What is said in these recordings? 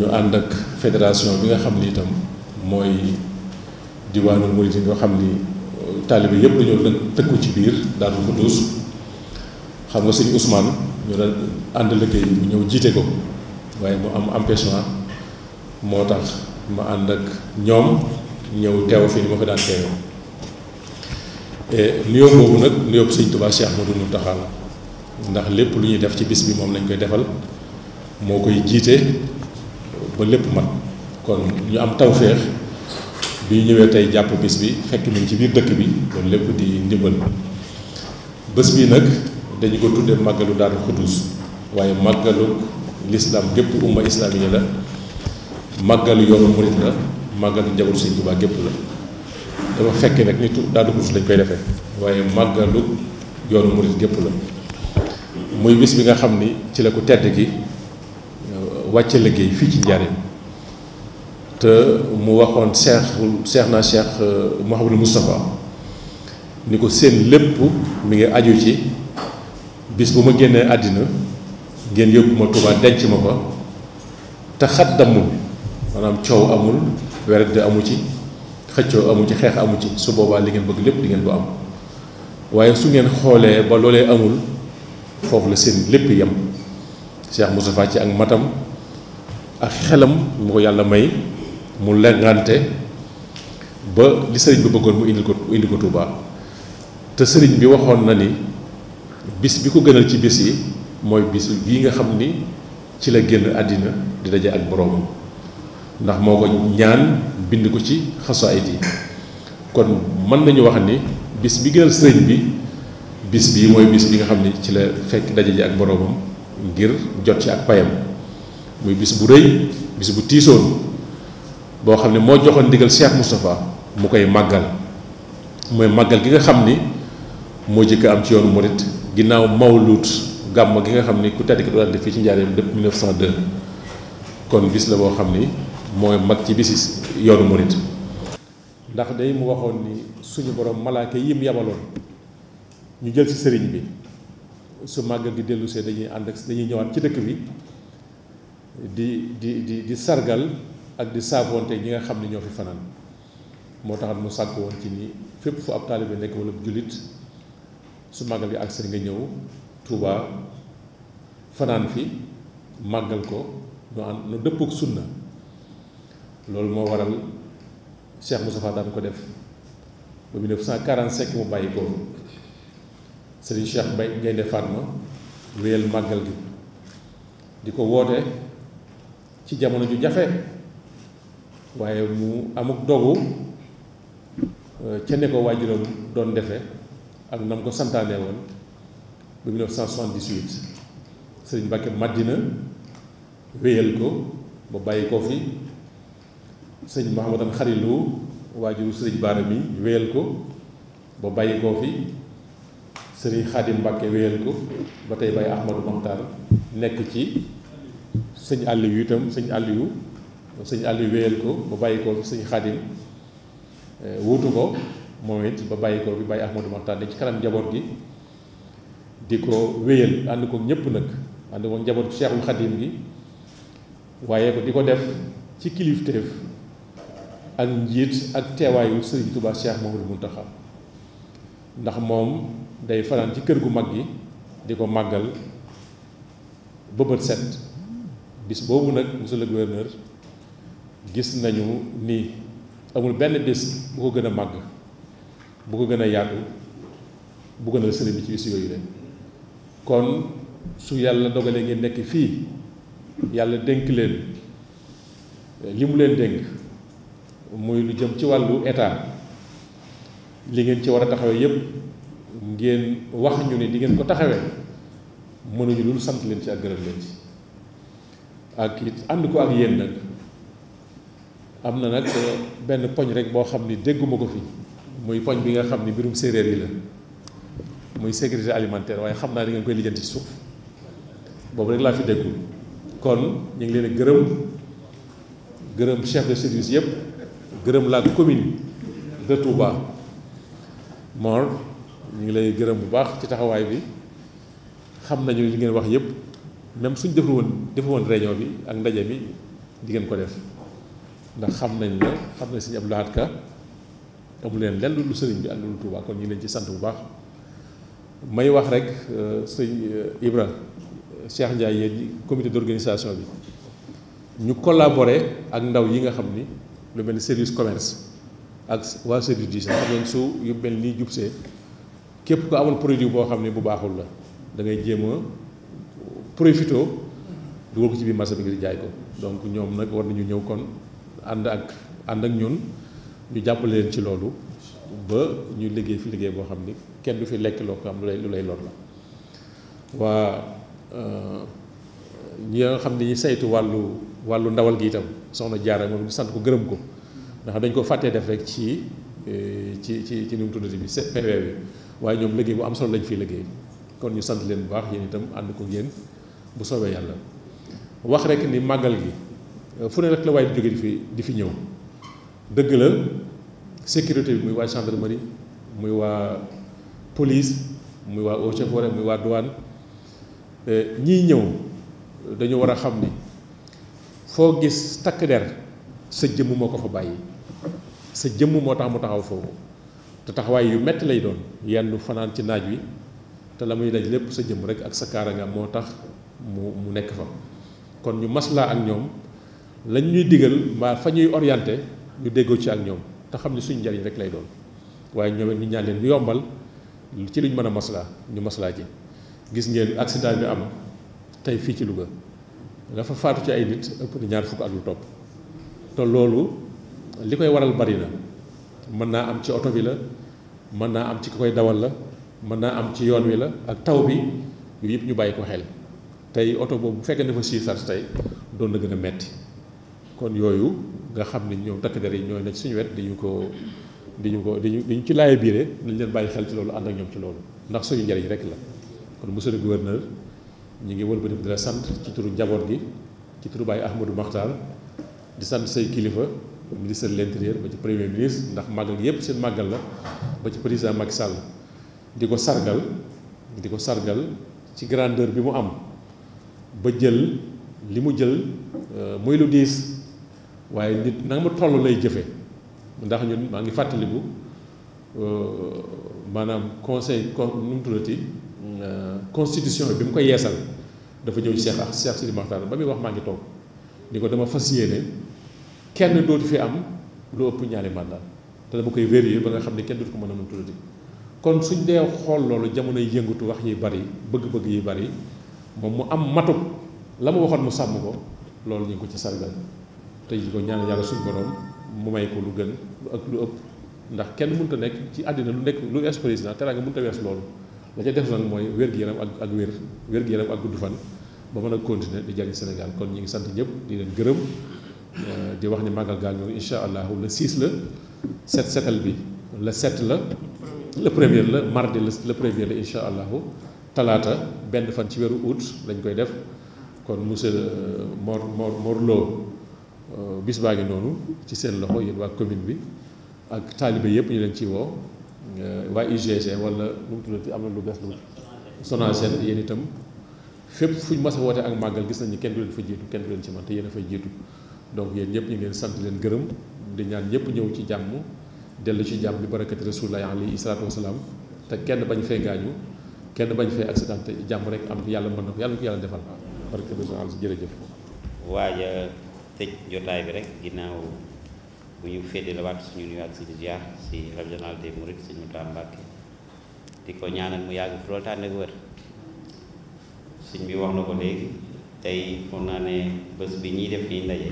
ñu ànd ak fédération bi nga xam ni itam mooy diwaanul murid yi nga xam ni euh, taalibe yëpp ñoo dë tëkku ci biir Daaru Xudoos xam nga sëñ Ousmane ñu doon ànd liggéey bu ñëw jiite ko waaye mu am empêchement moo tax ma ànd ak ñoom ñëw teew fii ni ma fa daan teewoo e, nuyoo boobu nag nuyoo bu sëñ Tuubaa Cheikh Ahmadou Mountakha la ndax lépp lu ñuy def ci bis bi moom lañ koy defal moo koy jiite ba lépp mat kon ñu am tawféex bi ñëwee tey jàpp bis bi fekk nañ ci biir dëkk bi loolu lépp di ndimbal bés bi nag dañu ko tuddee màggalu Daaru Xuddus waaye màggalu lislaam gépp umma islaamiya la màggalu yoonu murit la màggalu njabootu Sëñ Tuubaa gépp la dafa fekk nag nitu Daaru Xuddus lañ koy defe waaye màggalu yoonu murit gépp la muy bis bi nga xam ni ci la ko tedd gi wàcce liggéey fii ci njaareem te mu waxoon seexul seex naa seex euh, Mouhamadou Moustapha ni ko seen lépp mi ngi aju ci bis bu ma génnee àddina ngeen yóbbu ma Tuubaa denc ma ko te xat dammul maanaam coow amul werante amu ci xëccoo amu ci xeex amu ci su boobaa li ngeen bëgg lépp di ngeen ko am waaye su ngeen xoolee ba loolee amul foofu la seen lépp yam Cheikh Moustapha ci ak matam ak xelam mu ko yàlla may mu lengante ba li sëriñ bi bëggoon mu indi ko mu indi ko Touba te sëriñ bi waxoon na ni bis bi ko gënal ci bis yi mooy bis bii nga xam ni ci la génn àddina di daje ak boroomam ndax moo ñaan bind ko ci xasaayid yi kon mën nañu wax ni bis bi gënal sëriñ bi bis bii mooy bis bi nga xam ni ci la fekk daje ji ak boroomam ngir jot ci ak payam muy bis bu rëy bis bu tiisoon boo xam ne moo joxoon ndigal Cheikh Moustapha mu koy màggal mooy màggal gi nga xam ni moo jëkk am ci yoonu murit ginnaaw mawluut gàmm gi nga xam ni ku tedd ki doon def fii ci njaareem depuis de kon bis la boo xam ni mooy mag ci bisi yoonu murit ndax day mu waxoon ni suñu borom malaaka yi mu yabaloon ñu jël ci sëriñ bi su màggal gi dellusee dañuy ànd ak dañuy ñëwaat ci dëkk bi di di di di sargal ak di saafonte yi nga xam ne ñoo fi fanaan moo taxat mu sàkk woon ci nii fépp fu ab taalibe nekk wala jullit su màggal gi ak seen nga ñëw Touba fanaan fi màggal ko ñu ànd nu dëpp ak sunna loolu moo waral Cheikh Moustapha daan ko def ba 1945 mu bàyyi ko Serigne Cheikh Mbaye Gaynde Fatma wéyal màggal gi di ko woote ci jamono ju jafe waaye mu amuk dogu euh, ca ne ko waajuram doon defe ak nam ko santaane woon ba 1978 sëriñ Mbàkke Madina wéyal ko ba bàyyi ko fi sëñ Mouhamadan Xarilu waajuru sëriñ Baara mi wéyal ko ba bàyyi ko fi sëriñ Xaadim Mbàkke wéyal ko ba tey bàyyi Ahmadou Mokhtar nekk ci sëñ àll yu itam sëñ àll yu sëñ àll yu wéyal ko ba bàyyi ko fi sëñ xadim eh, wuutu ko moom it ba bàyyi ko fi bàyyi Ahmadou Maxtaar ne ci kanam njaboot gi di ko wéyal ànd ko ñëpp nag ànd ko njaboot Cheikhul Xadim gi waaye ko di ko def ci kilifteef ak njiit ak teewaayu sëriñ Tuubaa Cheikh Mouhamadou Mountakha ndax moom day fanaan ci kër gu mag gi di ko màggal ba set bis boobu nag monsieur le gouverneur gis nañu nii amul benn bis bu ko gën a màgg bu ko gën a yàgg bu gën a sëriñ ci bis yooyu leen kon su yàlla dogalee ngeen nekk fii yàlla dénk leen li mu leen dénk muy lu jëm ci wàllu état li ngeen ci war a taxawee yépp ngeen wax ñu ne di ngeen ko taxawee mënuñu dul sant leen ci ak gërëm leen ci ak it ànd ko ak yéen nag am na nag eh, benn poñ rek boo xam ni dégguma ko fi muy poñ bi nga xam ni mbirum séeréer yi la muy sécurité alimentaire waaye xam naa di ngeen koy lijjanti ci suuf boobu rek laa fi déggul kon ñu ngi leen gërëm gërëm chef de service yëpp gërëm la commune de Touba Mor ñu ngi lay gërëm bu baax ci taxawaay bi xam nañu li ngeen wax yëpp même suñ defu woon defu woon réunion bi ak ndaje bi di ngeen ko def ndax xam nañ la xam nañ sëñ Abdou Lahad Ka amu leen lenn lu sëriñ bi ak lu Tuubaa kon ñu leen ci sant bu baax may wax rek euh, sëñ euh, Ibra Cheikh Ndiaye yéen comité d'organisation bi ñu collaborer ak ndaw yi nga xam ni lu mel ni service commerce ak waa service d'hygiène xam su yu mel nii jubsee képp ko amul produit boo xam ne bu baaxul la da ngay jéem profité dugal ko ci biir marché bi ngir jaay ko donc ñoom nag war nañu ñëw kon ànd ak ànd ak ñoon ñu jàppale leen ci loolu ba ñu liggéey fi liggéey boo xam ni kenn du fi lekk loo ko am lu lu lay lor la waa euh, ñi xam ne saytu wàllu wàllu ndawal gi itam soxna jaara moom di sant ko gërëm ko ndax dañ ko fàttee def rek ci euh, ci ci ci nu tuddati bi PV bi waaye ñoom liggéey bu am solo lañ fi liggéey kon ñu sant leen bu baax yéen itam ànd ko yéen bu soobee yàlla wax rek ni màggal gi fu ne rek la waaye di jóge di fi di fi ñëw dëgg la sécurité bi muy waa gendarmerie muy waa police muy waa eaux et forêts muy waa douane eh, ñiy ñëw dañu war a xam ni foo gis takk der sa jëmm moo ko fa bàyyi sa jëmm moo tax mu taxaw foofu te taxawaay yu metti lay doon yenn fanaan ci naaj wi te la muy daj lépp sa jëmm rek ak sa kaaraangaam moo tax mu mu nekk fa kon ñu maslaa ak ñoom lañ ñuy digal mbaa fa ñuy orienté ñu déggoo ci ak ñoom te xam ne suñ njariñ rek lay doon waaye ñoom it ñu ñaan leen yombal ci luñ mën a maslaa ñu maslaa ji gis ngeen accident bi am tey fii ci Louga dafa fa faatu ci ay nit ëpp na ñaar fukk ak lu topp te loolu li koy waral bari na mën naa am ci oto bi la mën naa am ci ku koy dawal la mën naa am ci yoon wi la ak taw bi yu yëpp ñu bàyyi ko xel tey oto boobu bu fekkee dafa siy sars tey doon na gën a metti kon yooyu nga xam ne ñoom takk der yi ñooy na ci suñu wet ñu ko di ñu ko di ñu ci laaya biire nañ leen bàyyi xel ci loolu ànd ak ñoom ci loolu ndax suñu njariñ rek la kon monsieur le ñu ngi wëlbati di la sant ci turu njaboot gi ci turu Baye Ahmadou Makhtar di sant say kilifa ministre de l'intérieur ba ci premier ministre ndax màggal gi yépp seen màggal la ba ci président Macky Sall di ko sargal di ko sargal ci grandeur bi mu am ba jël li mu jël euh, muy lu diis waaye nit na mu toll lay jëfe ndax ñun maa ngi fàttaliku euh, maanaam conseil con mu tuddati euh, constitution bi mu ko yeesal dafa ñëw seex ak Cheikh Sidi Makhtar ba muy wax maa ngi toog ni ko dama fas yéene kenn dootu fi am lu ëpp ñaari mandat te dama koy vérifier ba nga xam ne kenn dootu ko mën a mun tuddati kon suñ dee xool loolu jamonoy yëngatu wax yi bari bëgg-bëgg yi bari moom mu am matug la mu waxoon mu sàmm ko loolu ñu ngi ko ci sargal te ji ko ñaan yàlla suñu borom mu may ko lu gën lu ak lu ëpp ndax kenn mun a nekk ci àddina lu nekk lu ex président teraanga mënut a wees loolu la ca def nag mooy wér-gu-yaram ak ak wér wér-gu-yaram ak gudd fan ba mën a continuer di jariñ Sénégal kon ñu ngi sant ñëpp di leen gërëm euh, di wax ni màggal gaal ñoom incha allah le 6 la set setal bi le 7 la le premier la mardi le premier la incha allahu talaata benn fan ci weeru août lañ koy def kon monsieur euh, Mor Mor Mor Lo euh, bis baa noonu ci seen loxo yéen waa commune bi ak taalibe yëpp ñu leen ci woo euh, waa UGC wala nu mu tuddati am na lu bees lu Sonacel yéen itam fépp fu ñu mas a wootee ak màggal gis nañu kenn du leen fa jiitu kenn du leen ci man te yéen a fay jiitu donc yéen ñëpp ñu ngi leen sant leen gërëm di ñaan ñëpp ñëw ci jàmm dellu ci jàmm bi barakati rasulullah alayhi salaatu wasalaam te kenn bañ fee gaañu kenn bañ fee accidenté jàmm rek am yàlla mën na ko yàlla ko yàlla defal barke bi soxal si jërëjëf waaja tëj jotaay bi rek ginnaaw bu ñu féete la waat suñu nuyu ak suñu ziar si régional des Mourides di ko ñaanal mu yàgg fi loolu tànn bi wax na ko léegi tey mun naa ne bés bi ñuy def nii ndaje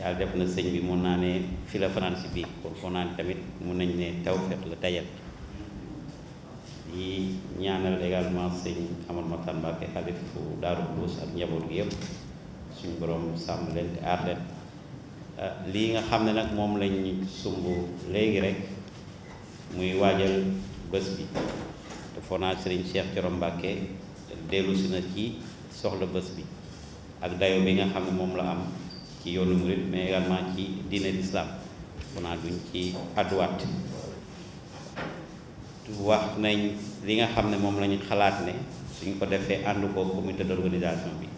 yàlla def na sëñ bi mun naa ne fi la fanaan si bii kon foo naa ne tamit mun nañ ne tawfeex la dajal di ñaanal également sëñ Amadou Makhtar Mbacké xalifu Daaru Xudoos ak njaboot gi yëpp suñ borom sàmm leen te aar leen ah, lii nga xam ne nag moom lañ sumb léegi rek muy waajal bés bi te foo naa sëriñ Cheikh Thioro Mbacké na ci soxla bés bi ak dayo bi nga xam ne moom la am ci yoonu murit mais également ci diine l'islam foo naa duñ ci adduwaat wax nañ li nga xam ne moom la xalaat ne suñ ko defee ànd ko comité d'organisation bi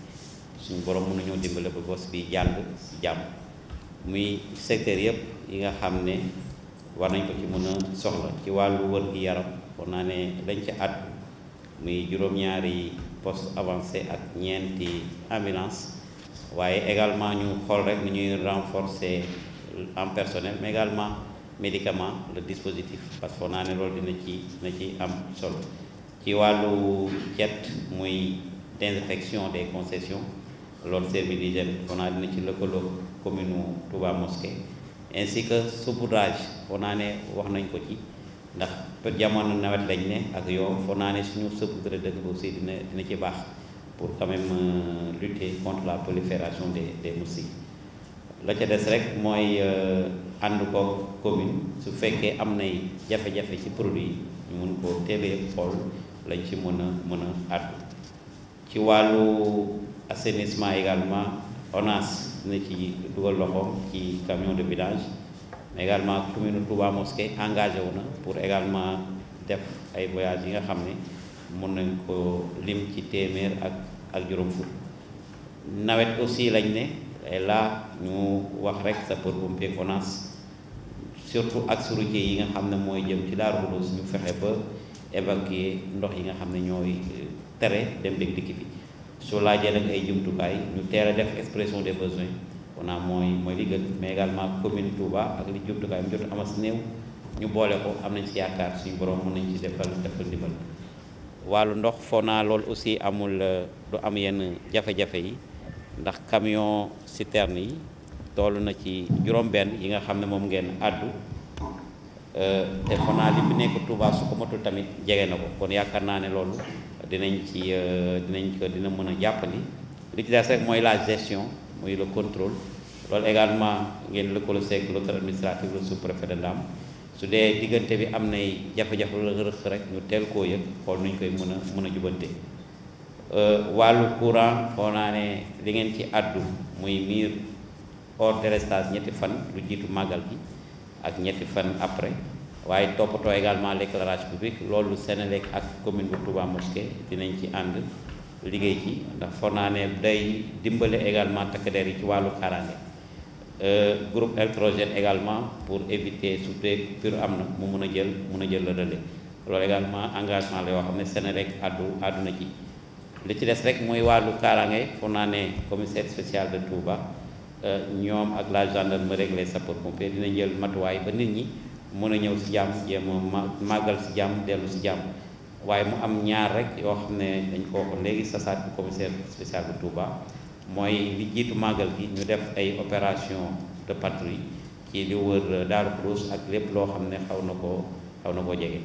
suñ borom mën nañoo dimbale ba bos bi jàll si jàmm muy secteur yëpp yi nga xam ne war nañ ko ci mun a soxla ci wàllu wër gi yaram foog naa ne dañ ca at muy juróom-ñaari poste avancé ak ñeenti ambulance waaye également ñu xool rek nu ñuy renforcer en personnel mais également médicament la dispositif parce que naa ne loolu dina ci dina ci am sol ci wàllu jet muy désinfection des concessions loolu service d'hygiène naa dina ci lëkkaloo commune Touba Mosquée ainsi que saupoudrage foo naa ne wax nañ ko ci ndax jamono nawet lañ ne ak yow foo naa ne suñu saupoudre dëkk ba aussi dina dina ci baax pour quand même euh, lutter contre la prolifération des de moustiques la ca des rek mooy euh, ànd koog commune su fekkee am nay jafe-jafe ci produit ñu mun koo teebee xool lañ ci mën a mën a àddu ci wàllu assainissement également ONAS na ci dugal loxoom ci camion de billage également commune Touba Mosquée engagé wu na pour également def ay voyages yi nga xam ne mun nañ ko lim ci téeméer ak ak juróom fukk nawet aussi lañ ne et là ñu wax rek sapeur pompier ONAS surtout axe routier yi nga xam ne mooy jëm ci Daaru Xudoos ñu fexe ba évacuer ndox yi nga xam ne ñooy euh, tere dem dég dikk bi soo laajee nag ay jumtukaay ñu teel def expression des besoins on a mooy mooy li gën mais également commune Touba ak li jumtukaay mu jot amas néew ñu boole ko am nañ si yaakaar suñu borom mën nañ ci defal defal ndimbal wàllu ndox foo naa loolu aussi amul euh, du am yenn jafe-jafe yi ndax camion citerne yi toll na ci juróom-benn yi nga xam ne moom ngeen àddu euh, te naa li bi nekk Touba su ko matul tamit jege na ko kon yaakaar naa ne loolu dinañ ci euh, dinañ ko dina mën a jàppandi li ci des mooy la gestion muy le loolu également ngeen lëkkaloo seeg l'autorité administrative le Ndam su dee diggante bi am nay jafe-jafe la rëq rek ñu teel koo yëg xool nuñ koy mën a mën a jubante euh, wàllu courant foo naa ne li ngeen ci àddu muy miir hors délestage ñetti fan lu jiitu màggal bi ak ñetti fan après waaye toppatoo également l'éclairage public loolu Sénélec ak commune bu Touba Mosquée dinañ ci ànd liggéey ci ndax foog naa ne day dimbale également takk der yi ci wàllu kaaraange euh, groupe électrogène également pour éviter su dee pur am na mu mun a jël mun a jël le relais loolu également engagement la yoo xam ne Sénélec addu àdduna ji li ci des rek mooy wàllu kaaraange foog naa ne commissaire spécial de Touba. Euh, ñoom ak la gendarmerie rek les sapeurs pompiers dina jël matuwaay ba nit ñi mën a ñëw si jàmm jéem a màggal si jàmm dellu si jàmm waaye mu am ñaar rek yoo xam ne dañ ko waxoon léegi sasaat bu commissaire spécial bu Touba mooy li jiitu màggal gi ñu def ay opération de patrouille ci li wër daal Xudoos ak lépp loo xam ne xaw na ko xaw na ko jege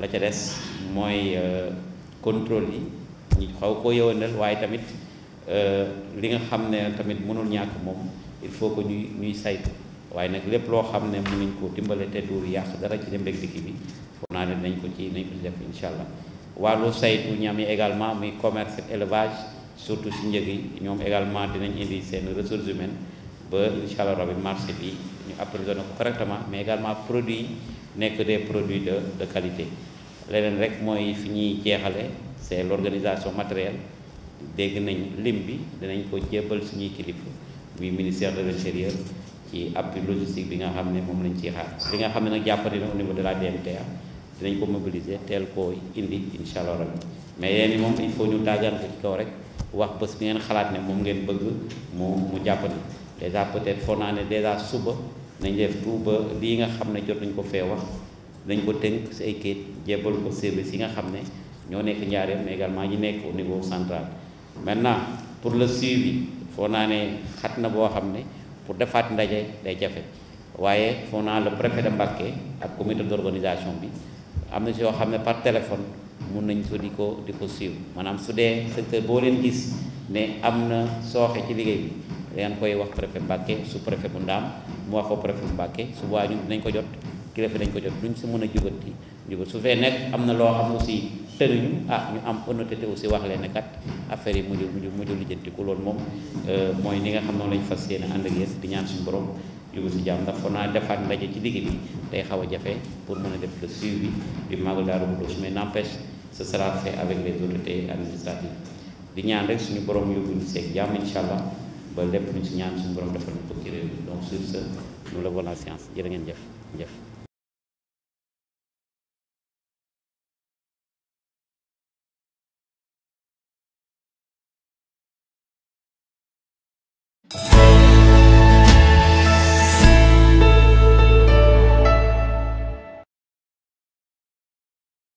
la ca des mooy euh, contrôle yi ñu xaw ko yëwanal waaye tamit Euh, li nga xam ne tamit mënul ñàkk moom il faut que ñuy ñuy saytu waaye nag lépp loo xam ne nuñ ko dimbale te du yàq dara ci dem rek dikki bi foog naa ne nañ ko ci nañ ko ci def incha allah wàllu saytu ñam yi également muy commerce ak élevage surtout si njëg yi ñoom également dinañ indi seen ressources humaines ba incha allah marché bi ñu approvisionné ko correctement mais également produits nekk des produits de qualité leneen rek mooy fi ñuy jeexale c'est l'organisation matérielle dégg nañ lim bi dinañ ko jébbal suñuy kilifa muy ministère de l'intérieur ci appui logistique bi nga xam ne moom lañu ciy xaar li nga xam ne nag jàppandi na au niveau de la DMTA dinañ ko mobiliser teel koo indi incha allah rabbi mais yéen moom il faut ñu daggan ko ci kaw rek wax bés bi ngeen xalaat ne moom ngeen bëgg mu mu jàppandi déjà peut-être foog naa ne déjà suba nañ def tout ba lii nga xam ne jot nañ ko fee wax dañ ko tënk si ay kayit jébbal ko service yi nga xam ne ñoo nekk njaareem mais également ñi niveau central maintenant pour le bi foo naa ne xat na boo xam ne pour defaat ndaje day jafe waaye foo naa le préfet de Mbacké ak comité d'organisation bi am na si yoo xam ne par téléphone mun nañ ko di ko di ko suivre maanaam su dee secteur boo leen gis ne am na sooxe ci liggéey bi dangeen koy wax préfet Mbacké su préfet bu ndaam mu wax ko préfet Mbacké su boobaa ñun dinañ ko jot kilifa dañ ko jot duñ si mën a jubati jubati su fee nekk am na loo xam aussi tëruñu ah ñu am honnêteté si wax leen ne kat affaire yi mujjul mujjul mujjul lijjantiku loolu moom euh, mooy ni nga xam noonu lañu fas yéene ànd di ñaan suñu borom yóbbu si jàmm ndax foog naa defaat ndaje ci digg bi day xaw a jafe pour mën a def le suivi du Magal Daaru Xudoos mais n'empêche ce sera fait di ñaan rek suñu borom yóbbu ñu seeg jàmm incha allah ba lépp luñ si ñaan suñu borom defal ñu ko ci donc sur ce nous levons la séance jërë ngeen jëf jëf.